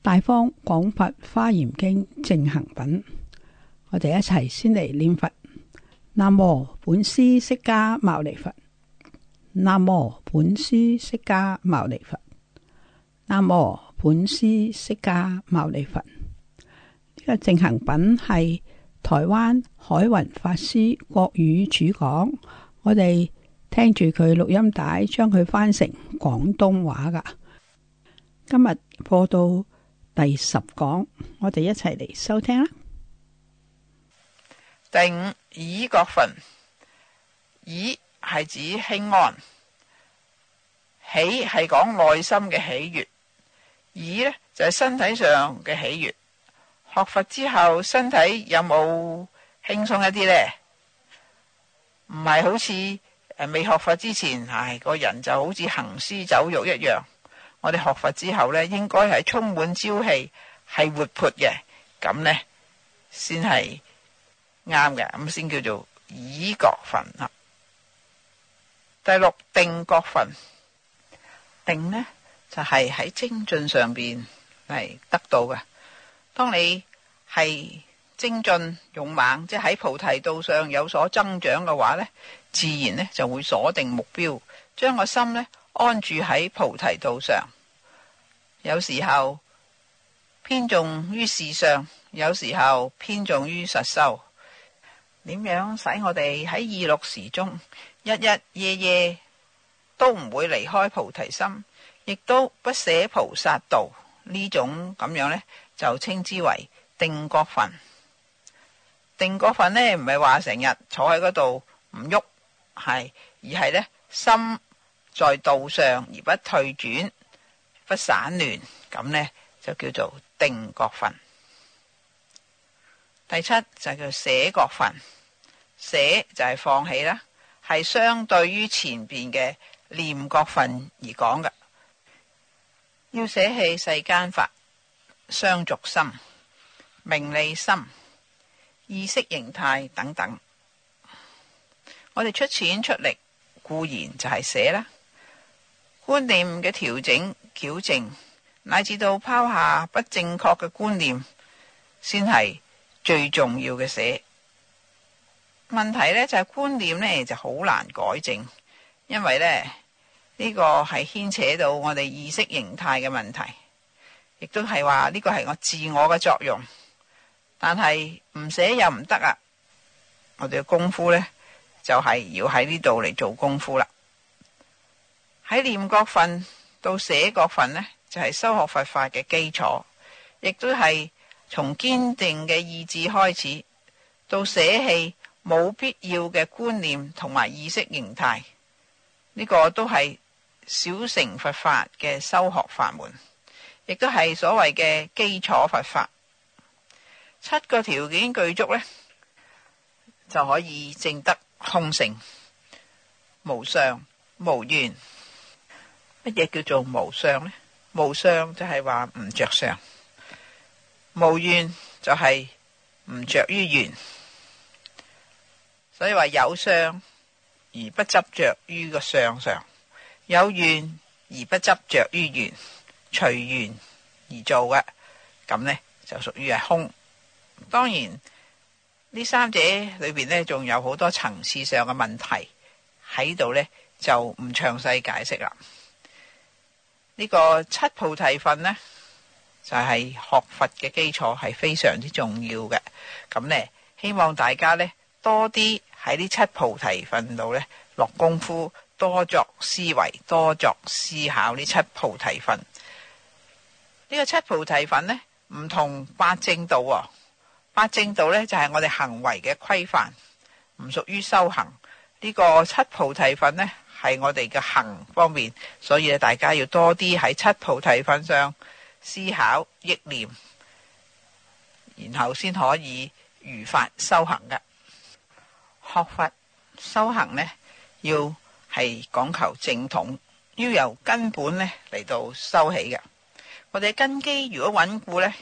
大方廣佛華嚴經淨行品，我哋一齊先嚟念佛。南無本師釋迦牟尼佛。南無本師釋迦牟尼佛。南無本師釋迦牟尼佛。呢個淨行品係台灣海雲法師國語主講，我哋聽住佢錄音帶，將佢翻成廣東話噶。今日播到。第十講，我哋一齊嚟收聽啦。第五，猗覺分，猗係指輕安，喜係講內心嘅喜悅，猗呢，就係、是、身體上嘅喜悅。學佛之後，身體有冇輕鬆一啲呢？唔係好似未學佛之前，唉、哎，個人就好似行屍走肉一樣。我哋學佛之後呢，應該係充滿朝氣，係活潑嘅，咁呢先係啱嘅，咁先叫做以覺分啊。第六定覺分，定呢就係喺精進上邊係得到嘅。當你係精進勇猛，即係喺菩提道上有所增長嘅話呢，自然呢就會鎖定目標，將個心呢。安住喺菩提道上，有時候偏重於事上，有時候偏重於實修。點樣使我哋喺二六時中，日日夜夜都唔會離開菩提心，亦都不捨菩薩道，呢種咁樣呢，就稱之為定國分。定國分呢，唔係話成日坐喺嗰度唔喐，係，而係呢，心。在道上而不退轉，不散亂，咁呢，就叫做定國份。第七就叫捨國份，捨就係放棄啦，係相對於前邊嘅念國份而講嘅。要捨棄世間法、相續心、名利心、意識形態等等。我哋出錢出力固然就係捨啦。觀念嘅調整、矯正，乃至到拋下不正確嘅觀念，先係最重要嘅事。問題呢就係、是、觀念呢就好難改正，因為呢呢、呢個係牽扯到我哋意識形態嘅問題，亦都係話呢個係我自我嘅作用。但係唔寫又唔得啊！我哋嘅功夫呢就係、是、要喺呢度嚟做功夫啦。喺念覺分到捨覺分呢，就係、是、修學佛法嘅基礎，亦都係從堅定嘅意志開始到捨棄冇必要嘅觀念同埋意識形態，呢、這個都係小乘佛法嘅修學法門，亦都係所謂嘅基礎佛法。七個條件具足呢，就可以證得空性、無相、無願。乜嘢叫做無相呢？無相就係話唔着相，無怨就係唔着於怨，所以話有相而不執着於個相上，有怨而不執着於怨，隨緣而做嘅，咁呢就屬於係空。當然呢三者裏邊呢，仲有好多層次上嘅問題，喺度呢就唔詳細解釋啦。呢個七菩提分呢，就係學佛嘅基礎，係非常之重要嘅。咁呢，希望大家呢，多啲喺呢七菩提分度呢，落功夫，多作思維，多作思考呢七菩提分。呢個七菩提分呢，唔同八正道喎。八正道呢，就係我哋行為嘅規範，唔屬於修行。呢個七菩提分呢。係我哋嘅行方面，所以大家要多啲喺七菩提分上思考、憶念，然後先可以如法修行嘅。學佛修行咧，要係講求正統，要由根本咧嚟到修起嘅。我哋根基如果穩固咧，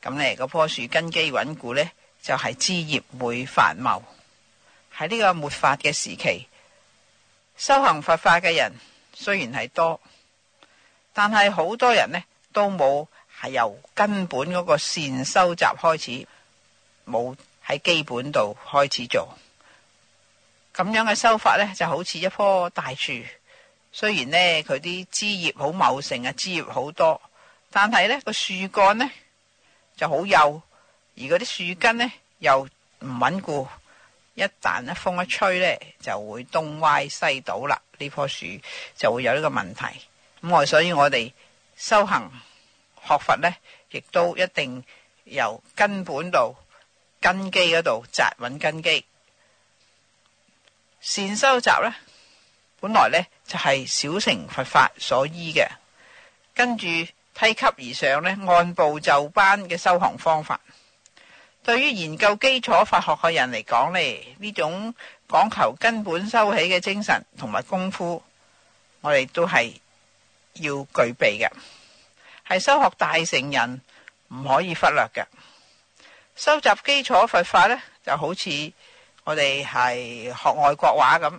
咁咧個棵樹根基穩固呢，就係枝葉會繁茂。喺呢個末法嘅時期。修行佛法嘅人雖然係多，但係好多人呢都冇係由根本嗰個善收集開始，冇喺基本度開始做。咁樣嘅修法呢就好似一棵大樹，雖然呢佢啲枝葉好茂盛啊，枝葉好多，但係呢個樹幹呢就好幼，而嗰啲樹根呢又唔穩固。一旦一風一吹呢，就會東歪西倒啦。呢棵樹就會有呢個問題。咁我所以我哋修行學佛呢，亦都一定由根本道根基嗰度紮穩根基，善修習呢，本來呢就係、是、小乘佛法所依嘅，跟住梯級而上呢，按部就班嘅修行方法。對於研究基礎法學嘅人嚟講咧，呢種講求根本修起嘅精神同埋功夫，我哋都係要具備嘅，係修學大乘人唔可以忽略嘅。收集基礎佛法呢，就好似我哋係學外國話咁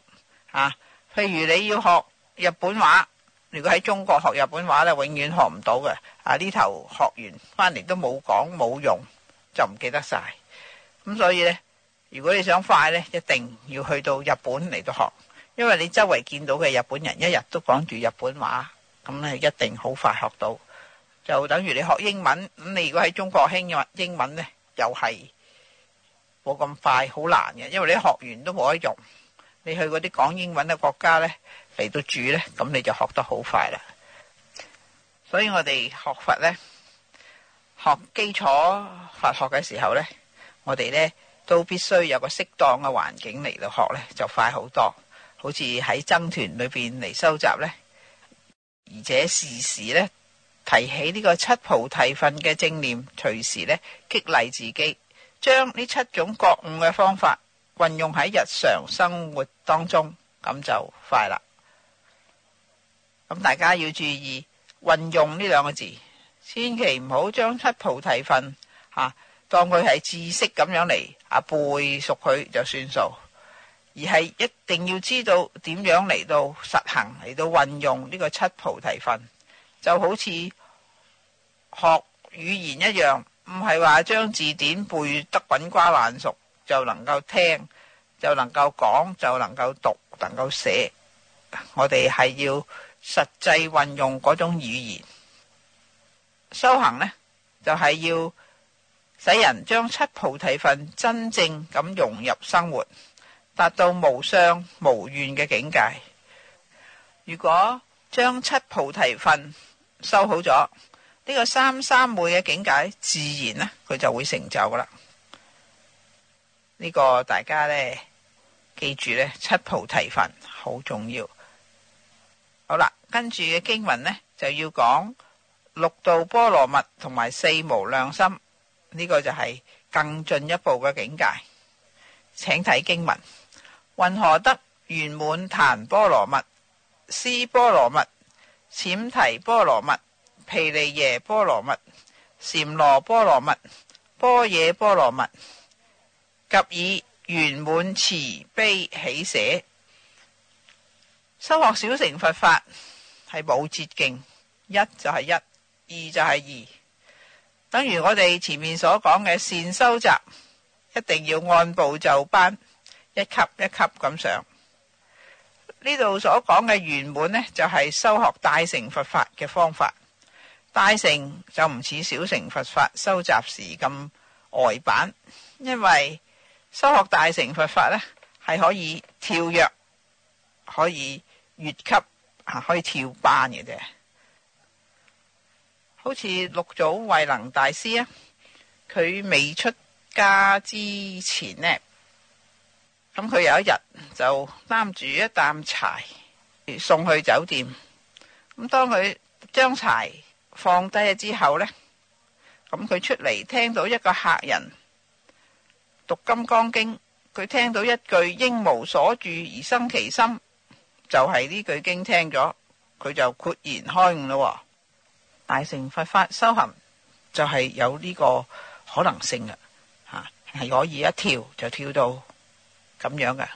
啊。譬如你要學日本話，如果喺中國學日本話咧，永遠學唔到嘅。啊呢頭學完翻嚟都冇講冇用。就唔記得晒，咁所以呢，如果你想快呢，一定要去到日本嚟到學，因為你周圍見到嘅日本人一日都講住日本話，咁你一定好快學到。就等於你學英文，咁你如果喺中國興嘅話，英文呢又係冇咁快，好難嘅，因為你學完都冇得用。你去嗰啲講英文嘅國家呢，嚟到住呢，咁你就學得好快啦。所以我哋學佛呢。學基礎佛學嘅時候呢，我哋呢都必須有個適當嘅環境嚟到學呢就快好多。好似喺僧團裏邊嚟收集呢。而且時時呢，提起呢個七菩提分嘅正念，隨時呢，激勵自己，將呢七種覺悟嘅方法運用喺日常生活當中，咁就快啦。咁大家要注意運用呢兩個字。千祈唔好將七菩提分，嚇、啊、當佢係知識咁樣嚟，啊背熟佢就算數，而係一定要知道點樣嚟到實行嚟到運用呢個七菩提分，就好似學語言一樣，唔係話將字典背得滾瓜爛熟，就能夠聽，就能夠講，就能夠讀，能夠寫。我哋係要實際運用嗰種語言。修行呢，就係、是、要使人將七菩提分真正咁融入生活，達到無相無願嘅境界。如果將七菩提分修好咗，呢、這個三三昧嘅境界自然呢，佢就會成就噶啦。呢、這個大家呢，記住呢，七菩提分好重要。好啦，跟住嘅經文呢，就要講。六度波羅蜜同埋四無量心，呢、這個就係更進一步嘅境界。請睇經文，云何得圓滿檀波羅蜜、尸波羅蜜、羼提波羅蜜、毗梨耶波羅蜜、禪那波羅蜜、般若波羅蜜，及以圓滿慈悲喜捨。修學小乘佛法係冇捷徑，一就係一。二就係二，等於我哋前面所講嘅善修習，一定要按部就班，一級一級咁上。呢度所講嘅圓滿呢，就係修學大乘佛法嘅方法。大乘就唔似小乘佛法修習時咁呆板，因為修學大乘佛法呢，係可以跳躍，可以越級，可以跳班嘅啫。好似六祖慧能大師啊，佢未出家之前呢，咁佢有一日就擔住一擔柴送去酒店。咁當佢將柴放低咗之後呢，咁佢出嚟聽到一個客人讀金剛經，佢聽到一句應無所住而生其心，就係呢句經聽咗，佢就豁然開悟咯。大乘佛法修行就係、是、有呢個可能性嘅，吓、啊，係可以一跳就跳到咁樣嘅吓、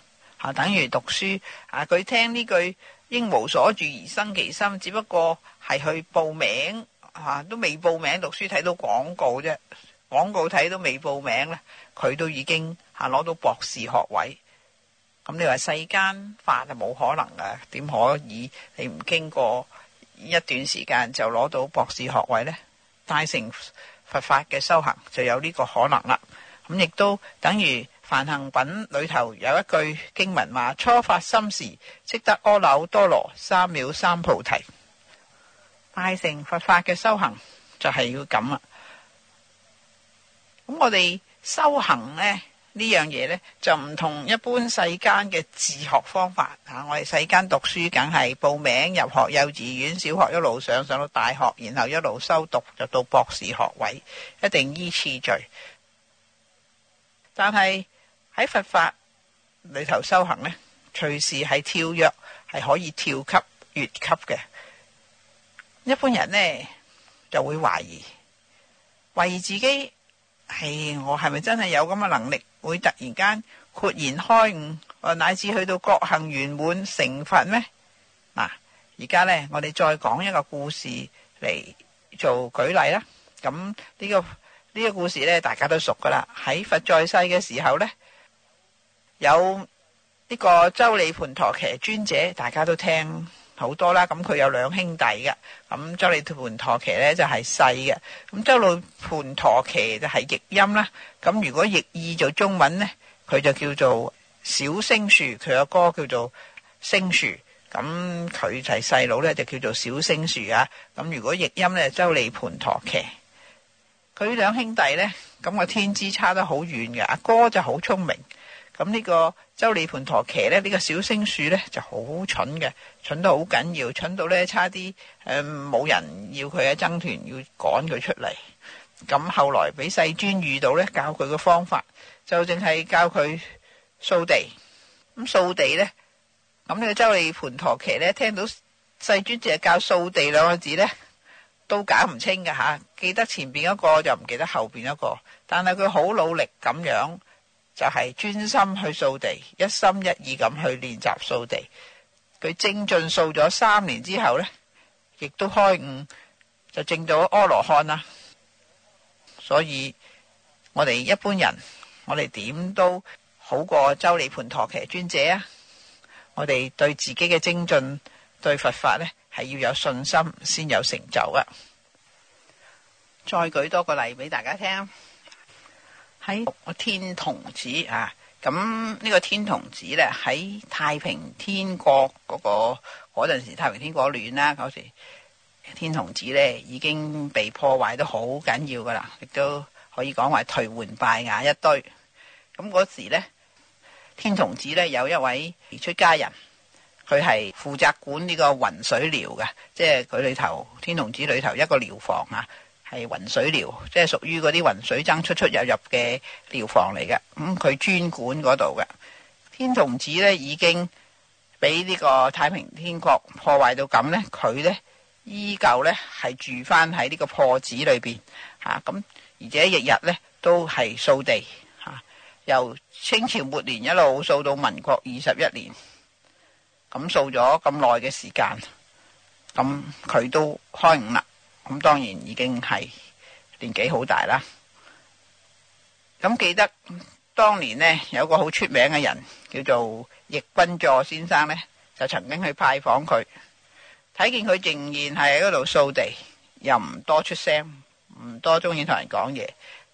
啊，等於讀書吓，佢、啊、聽呢句應無所住而生其心，只不過係去報名吓、啊，都未報名，啊、未報名讀書，睇到廣告啫，廣告睇到未報名咧，佢、啊、都已經吓攞、啊、到博士學位。咁你話世間法係冇可能噶，點可以？你唔經過？一段時間就攞到博士學位咧，大乘佛法嘅修行就有呢個可能啦。咁亦都等於《梵行品》裏頭有一句經文話：初發心時，即得阿耨多羅三藐三菩提。大乘佛法嘅修行就係要咁啦。咁我哋修行呢。呢樣嘢呢，就唔同一般世間嘅自學方法嚇、啊，我哋世間讀書梗係報名入學，幼稚園、小學一路上上到大學，然後一路修讀就到博士學位，一定依次序。但係喺佛法裏頭修行呢，隨時係跳躍，係可以跳級越級嘅。一般人呢，就會懷疑，懷疑自己。係、hey, 我係咪真係有咁嘅能力，會突然間豁然開悟，乃至去到覺行圓滿成佛咩？嗱，而家呢，我哋再講一個故事嚟做舉例啦。咁呢、呢個呢、呢個故事咧，大家都熟噶啦。喺佛在世嘅時候呢，有呢個周利槃陀伽尊者，大家都聽。好多啦，咁佢有兩兄弟嘅，咁周利盤陀騎咧就係細嘅，咁周利盤陀騎就係譯音啦。咁如果譯意做中文呢，佢就叫做小星樹，佢個哥叫做星樹。咁佢就係細佬咧，就叫做小星樹啊。咁如果譯音咧，周利盤陀騎。佢兩兄弟呢，咁個天資差得好遠嘅，阿哥就好聰明。咁呢個。周利盤陀騎咧，呢、這個小星樹呢就好蠢嘅，蠢到好緊要，蠢到呢差啲，誒、呃、冇人要佢喺僧團，要趕佢出嚟。咁後來俾世尊遇到呢，教佢嘅方法，就淨係教佢掃地。咁掃地呢，咁呢個周利盤陀騎呢，聽到世尊淨係教掃地兩個字呢，都搞唔清嘅吓。記得前邊一個就唔記得後邊一個，但係佢好努力咁樣。就係專心去掃地，一心一意咁去練習掃地。佢精進掃咗三年之後呢，亦都開悟，就證到阿羅漢啦。所以我哋一般人，我哋點都好過周利盤陀騎尊者啊！我哋對自己嘅精進、對佛法呢，係要有信心先有成就㗎！再舉多個例俾大家聽啊。喺、哎、天童寺啊，咁呢個天童寺呢，喺太平天國嗰、嗰個嗰陣時，太平天國亂啦嗰時，天童寺呢，已經被破壞得好緊要噶啦，亦都可以講為頹垣敗瓦一堆。咁嗰時呢，天童寺呢，有一位離出家人，佢係負責管呢個雲水寮嘅，即係佢裏頭天童寺裏頭一個寮房啊。係雲水寮，即係屬於嗰啲雲水僧出出入入嘅寮房嚟嘅。咁佢專管嗰度嘅天童寺呢，已經俾呢個太平天國破壞到咁，呢佢呢，依舊呢係住翻喺呢個破寺裏邊吓。咁、啊、而且日日呢都係掃地吓、啊，由清朝末年一路掃到民國二十一年，咁掃咗咁耐嘅時間，咁、啊、佢都開悟啦。咁當然已經係年紀好大啦。咁記得當年呢，有個好出名嘅人叫做易君助先生呢，就曾經去拜訪佢，睇見佢仍然係喺嗰度掃地，又唔多出聲，唔多鍾意同人講嘢，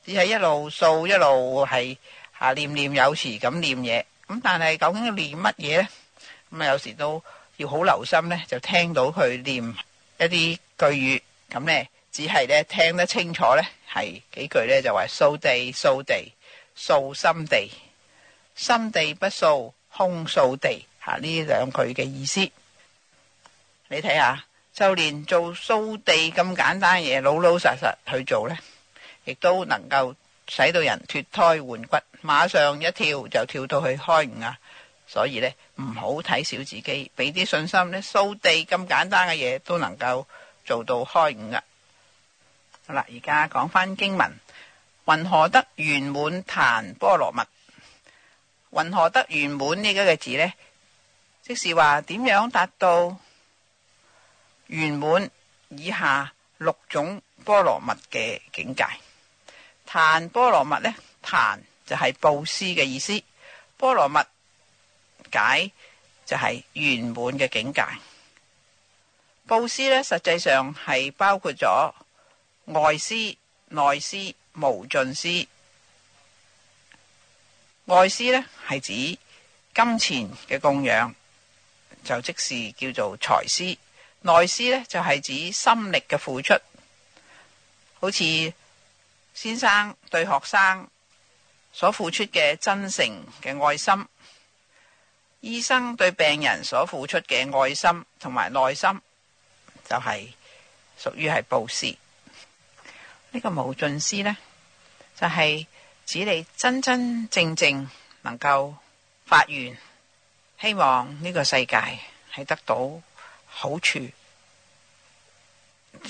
只係一路掃一路係下念念有詞咁念嘢。咁但係究竟念乜嘢呢？咁啊，有時都要好留心呢，就聽到佢念一啲句語。咁呢，只係咧聽得清楚呢係幾句呢，就話掃地掃地掃心地，心地不掃空掃地，吓、啊、呢兩句嘅意思。你睇下，就連做掃地咁簡單嘅嘢，老老實實去做呢，亦都能夠使到人脫胎換骨，馬上一跳就跳到去開悟啊！所以呢，唔好睇小自己，俾啲信心咧，掃地咁簡單嘅嘢都能夠。做到開悟噶，好啦，而家講翻經文，云何得圓滿壇波羅蜜？云何得圓滿呢？幾個字呢，即是話點樣達到圓滿以下六種波羅蜜嘅境界？壇波羅蜜呢，壇就係布施嘅意思，波羅蜜解就係圓滿嘅境界。布施呢，實際上係包括咗外施、內施、無盡施。外施呢，係指金錢嘅供養，就即是叫做財施；內施呢，就係指心力嘅付出，好似先生對學生所付出嘅真誠嘅愛心，醫生對病人所付出嘅愛心同埋耐心。就係屬於係布施，呢、這個無盡施呢，就係、是、指你真真正正能夠發願，希望呢個世界係得到好處，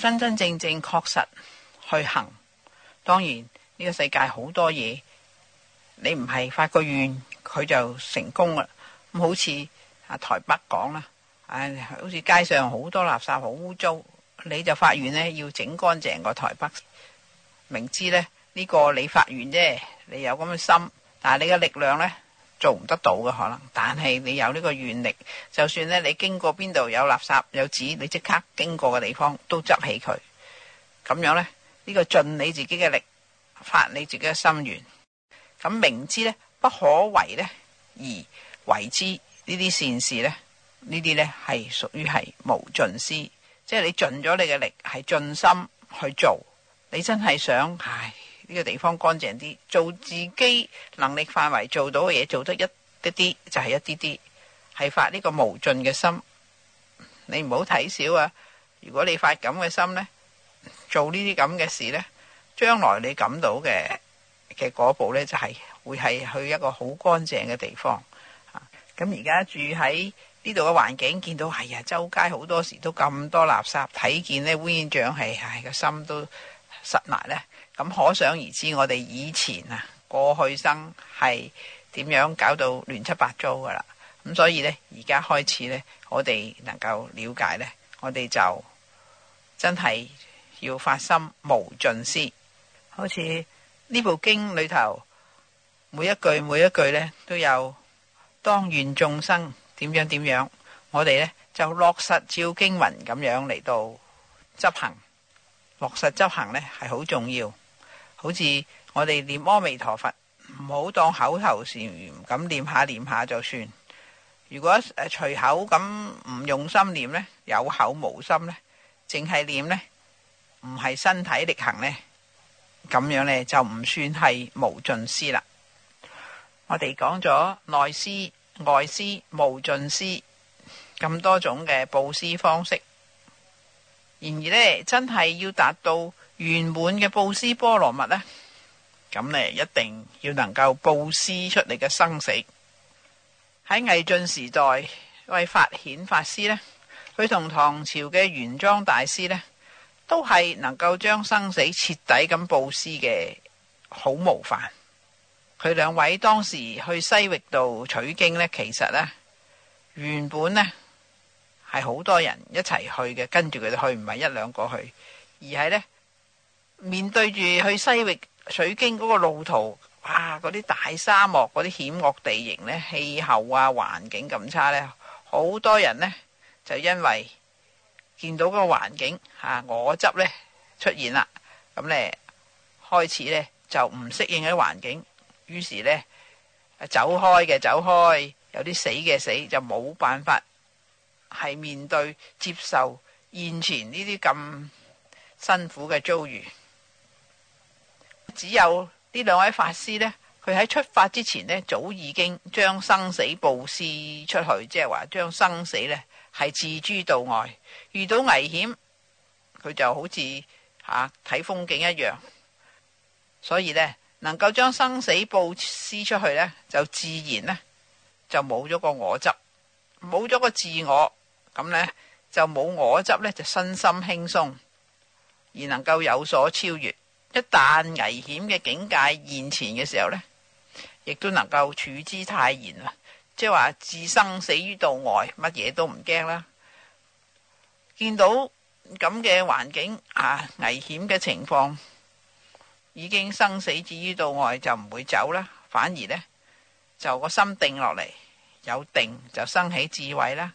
真真正正確實去行。當然呢、這個世界好多嘢，你唔係發個願佢就成功㗎，咁好似啊台北講啦。唉、哎，好似街上好多垃圾，好污糟。你就發願呢，要整乾淨個台北。明知咧呢、這個你發願啫，你有咁嘅心，但係你嘅力量呢做唔得到嘅，可能。但係你有呢個願力，就算咧你經過邊度有垃圾有紙，你即刻經過嘅地方都執起佢。咁樣呢，呢、這個盡你自己嘅力，發你自己嘅心願。咁明知咧不可為呢，而為之呢啲善事呢。呢啲呢係屬於係無盡施，即係你盡咗你嘅力，係盡心去做。你真係想唉呢個地方乾淨啲，做自己能力範圍做到嘅嘢，做得一一啲就係一啲啲，係發呢個無盡嘅心。你唔好睇小啊！如果你發咁嘅心呢，做呢啲咁嘅事呢，將來你感到嘅嘅果報呢，就係會係去一個好乾淨嘅地方啊。咁而家住喺～呢度嘅環境見到係啊、哎，周街好多時都咁多垃圾，睇見呢烏煙瘴氣，唉、哎，個心都實埋呢。咁可想而知，我哋以前啊，過去生係點樣搞到亂七八糟噶啦。咁所以呢，而家開始呢，我哋能夠了解呢，我哋就真係要發心無盡思。好似呢部經裏頭每一句每一句呢，都有當願眾生。點樣點樣？我哋呢就落實照經文咁樣嚟到執行，落實執行呢係好重要。好似我哋念阿彌陀佛，唔好當口頭禪咁念下念下就算。如果誒隨口咁唔用心念呢，有口無心呢，淨係念呢，唔係身體力行呢，咁樣呢就唔算係無盡思啦。我哋講咗內思。外施、無盡施，咁多種嘅布施方式，然而呢，真係要達到圓滿嘅布施波羅蜜呢，咁呢一定要能夠布施出嚟嘅生死。喺魏晉時代，為法顯法師呢，佢同唐朝嘅玄奘大師呢，都係能夠將生死徹底咁布施嘅好模範。佢兩位當時去西域度取經呢，其實呢，原本呢係好多人一齊去嘅，跟住佢哋去唔係一兩個去，而係呢面對住去西域取經嗰個路途，哇！嗰啲大沙漠、嗰啲險惡地形呢，氣候啊，環境咁差呢，好多人呢就因為見到嗰個環境嚇、啊，我執呢出現啦，咁呢，開始呢就唔適應嗰啲環境。於是呢，走開嘅走開，有啲死嘅死，就冇辦法係面對接受現前呢啲咁辛苦嘅遭遇。只有呢兩位法師呢，佢喺出發之前呢，早已經將生死布施出去，即係話將生死呢係置諸度外。遇到危險，佢就好似嚇睇風景一樣。所以呢。能夠將生死布施出去呢，就自然呢，就冇咗個我執，冇咗個自我，咁呢，就冇我執呢就身心輕鬆，而能夠有所超越。一旦危險嘅境界現前嘅時候呢，亦都能夠處之泰然啦，即係話置生死於度外，乜嘢都唔驚啦。見到咁嘅環境啊，危險嘅情況。已經生死置於度外，就唔會走啦，反而呢，就個心定落嚟，有定就生起智慧啦，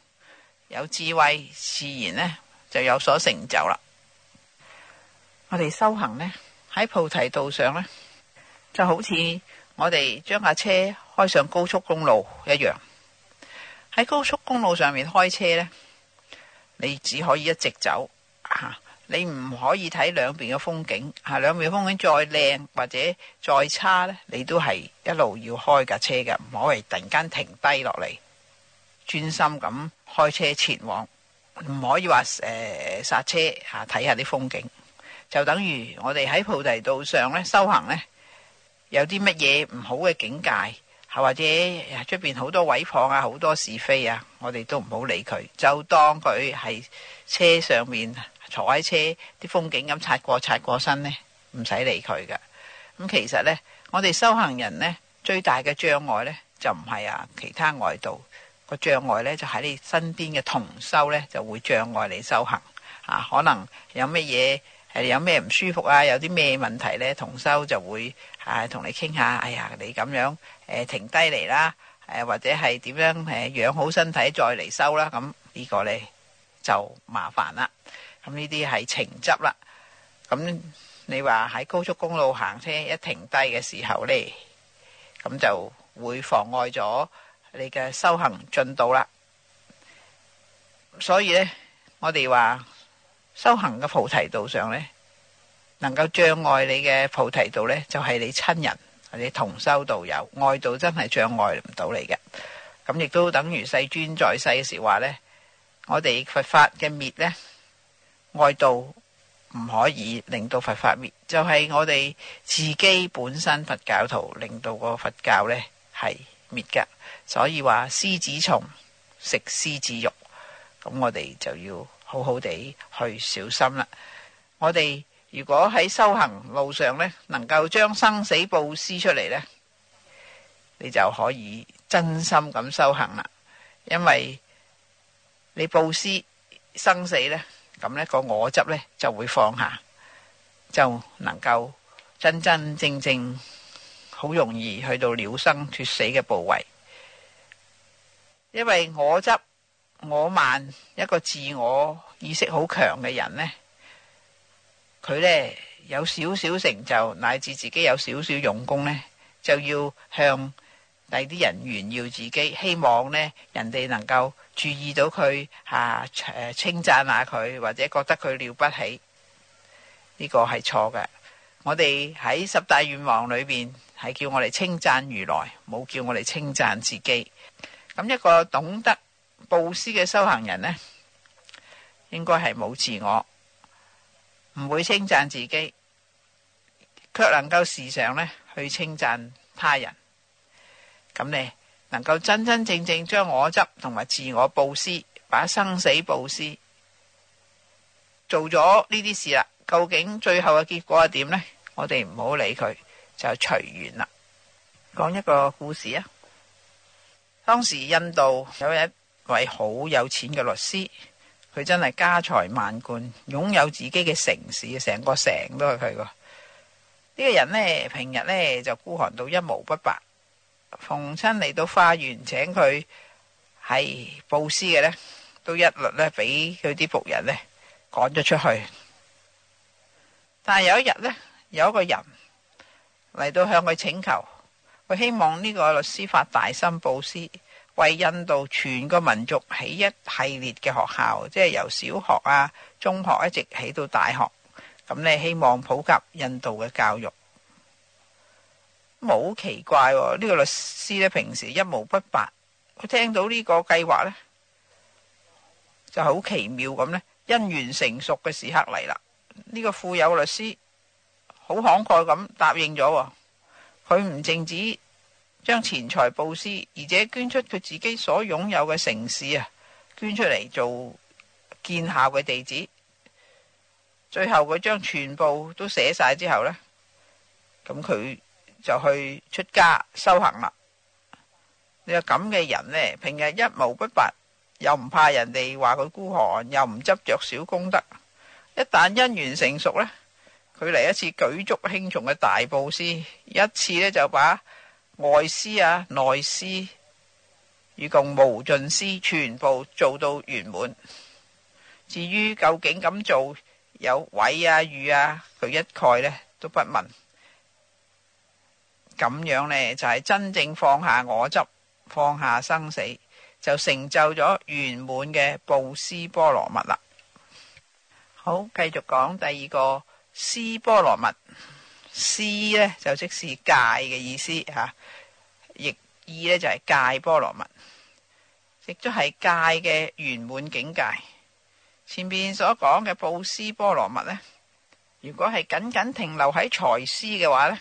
有智慧自然呢，就有所成就啦。我哋修行呢，喺菩提道上呢，就好似我哋將架車開上高速公路一樣。喺高速公路上面開車呢，你只可以一直走吓。啊你唔可以睇兩邊嘅風景，嚇兩邊嘅風景再靚或者再差咧，你都係一路要開架車嘅，唔可以突然間停低落嚟專心咁開車前往，唔可以話誒剎車嚇睇下啲風景，就等於我哋喺菩提道上咧修行呢有啲乜嘢唔好嘅境界，啊、或者出邊好多毀謗啊，好多是非啊，我哋都唔好理佢，就當佢係車上面。坐喺車啲風景咁擦過，擦過身呢，唔使理佢噶。咁其實呢，我哋修行人呢，最大嘅障礙呢，就唔係啊其他外道個障礙呢，就喺你身邊嘅同修呢，就會障礙你修行啊。可能有咩嘢誒有咩唔舒服啊，有啲咩問題呢，同修就會啊同你傾下。哎呀，你咁樣誒、呃、停低嚟啦，誒、啊、或者係點樣誒養好身體再嚟修啦。咁、啊、呢、這個呢，就麻煩啦。咁呢啲係情執啦。咁你話喺高速公路行車一停低嘅時候呢，咁就會妨礙咗你嘅修行進度啦。所以呢，我哋話修行嘅菩提道上呢，能夠障礙你嘅菩提道呢，就係你親人或者同修道友，外道真係障礙唔到你嘅。咁亦都等於世尊在世時話呢，我哋佛法嘅滅呢。外道唔可以令到佛法滅，就係、是、我哋自己本身佛教徒令到個佛教呢係滅噶，所以話獅子蟲食獅子肉，咁我哋就要好好地去小心啦。我哋如果喺修行路上呢，能夠將生死布施出嚟呢，你就可以真心咁修行啦。因為你布施生死呢。咁呢個我執呢，就會放下，就能夠真真正正好容易去到了生脱死嘅部位，因為我執我慢一個自我意識好強嘅人呢，佢呢有少少成就乃至自己有少少用功呢，就要向第啲人炫耀自己，希望呢，人哋能夠。注意到佢嚇誒，稱讚下佢，或者覺得佢了不起，呢個係錯嘅。我哋喺十大願望裏邊係叫我哋稱讚如來，冇叫我哋稱讚自己。咁一個懂得布施嘅修行人呢，應該係冇自我，唔會稱讚自己，卻能夠時常咧去稱讚他人。咁你能夠真真正正將我執同埋自我布施，把生死布施做咗呢啲事啦，究竟最後嘅結果係點呢？我哋唔好理佢，就隨緣啦。講一個故事啊，當時印度有一位好有錢嘅律師，佢真係家財萬貫，擁有自己嘅城市，成個城都係佢喎。呢、呢個人呢，平日呢就孤寒到一毛不拔。逢親嚟到花園請佢係布施嘅呢，都一律呢俾佢啲僕人呢趕咗出去。但係有一日呢，有一個人嚟到向佢請求，佢希望呢個律師法大心布施，為印度全個民族起一系列嘅學校，即係由小學啊、中學一直起到大學，咁呢希望普及印度嘅教育。冇奇怪喎，呢個律師呢，平時一毛不拔，佢聽到呢個計劃呢，就好奇妙咁呢，因緣成熟嘅時刻嚟啦。呢個富有律師好慷慨咁答應咗，佢唔淨止將錢財布施，而且捐出佢自己所擁有嘅城市啊，捐出嚟做建校嘅地址。最後佢將全部都寫晒，之後呢，咁佢。就去出家修行啦！你話咁嘅人呢，平日一毛不拔，又唔怕人哋話佢孤寒，又唔執着小功德。一旦因緣成熟呢，佢嚟一次舉足輕重嘅大布施，一次呢，就把外施啊、內施與共無盡施全部做到圓滿。至於究竟咁做有毀啊、譽啊，佢一概呢，都不問。咁樣呢，就係、是、真正放下我執，放下生死，就成就咗圓滿嘅布施波羅蜜啦。好，繼續講第二個施波羅蜜。施呢，就即是戒嘅意思吓，亦、啊、二呢，就係、是、戒波羅蜜，亦都係戒嘅圓滿境界。前邊所講嘅布施波羅蜜呢，如果係僅僅停留喺財施嘅話呢。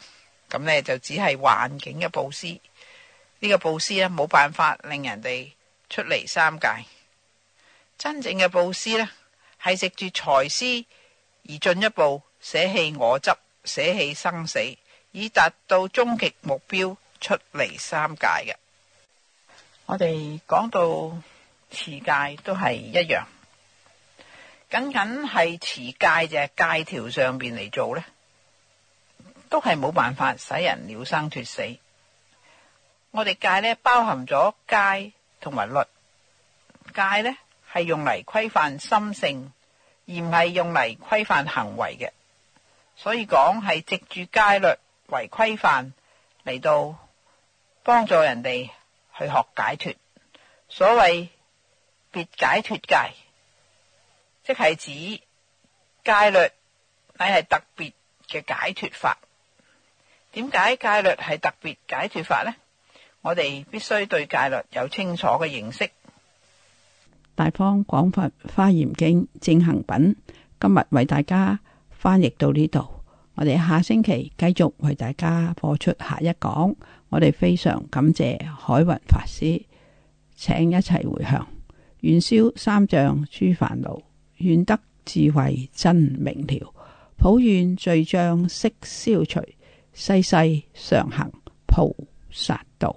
咁呢，就只係環境嘅布施，呢、呢個布施呢，冇辦法令人哋出離三界。真正嘅布施呢，係食住財施而進一步捨棄我執、捨棄生死，以達到終極目標出離三界嘅。我哋講到持戒都係一樣，僅僅係持戒嘅戒條上邊嚟做呢。都係冇辦法使人了生脱死。我哋戒呢，包含咗戒同埋律。戒呢係用嚟規範心性，而唔係用嚟規範行為嘅。所以講係藉住戒律為規範嚟到幫助人哋去學解脫。所謂別解脫戒，即係指戒律乃係特別嘅解脫法。點解戒律係特別解脱法呢？我哋必須對戒律有清楚嘅認識。大方廣佛華嚴經正行品，今日為大家翻譯到呢度。我哋下星期繼續為大家播出下一講。我哋非常感謝海雲法師，請一齊回向，願消三障諸煩惱，願得智慧真明了，普願罪障悉消除。世世上行菩薩道，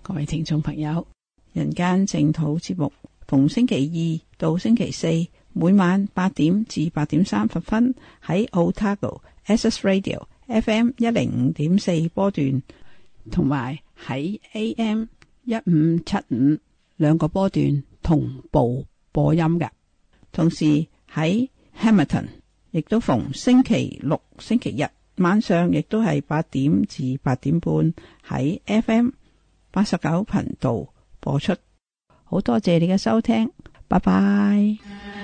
各位聽眾朋友，人間淨土節目逢星期二到星期四每晚八點至八點三十分喺 Otago SS Radio FM 一零五點四波段，同埋喺 AM 一五七五兩個波段同步播音嘅，同時喺 Hamilton 亦都逢星期六、星期日。晚上亦都係八點至八點半喺 FM 八十九頻道播出。好多謝你嘅收聽，拜拜。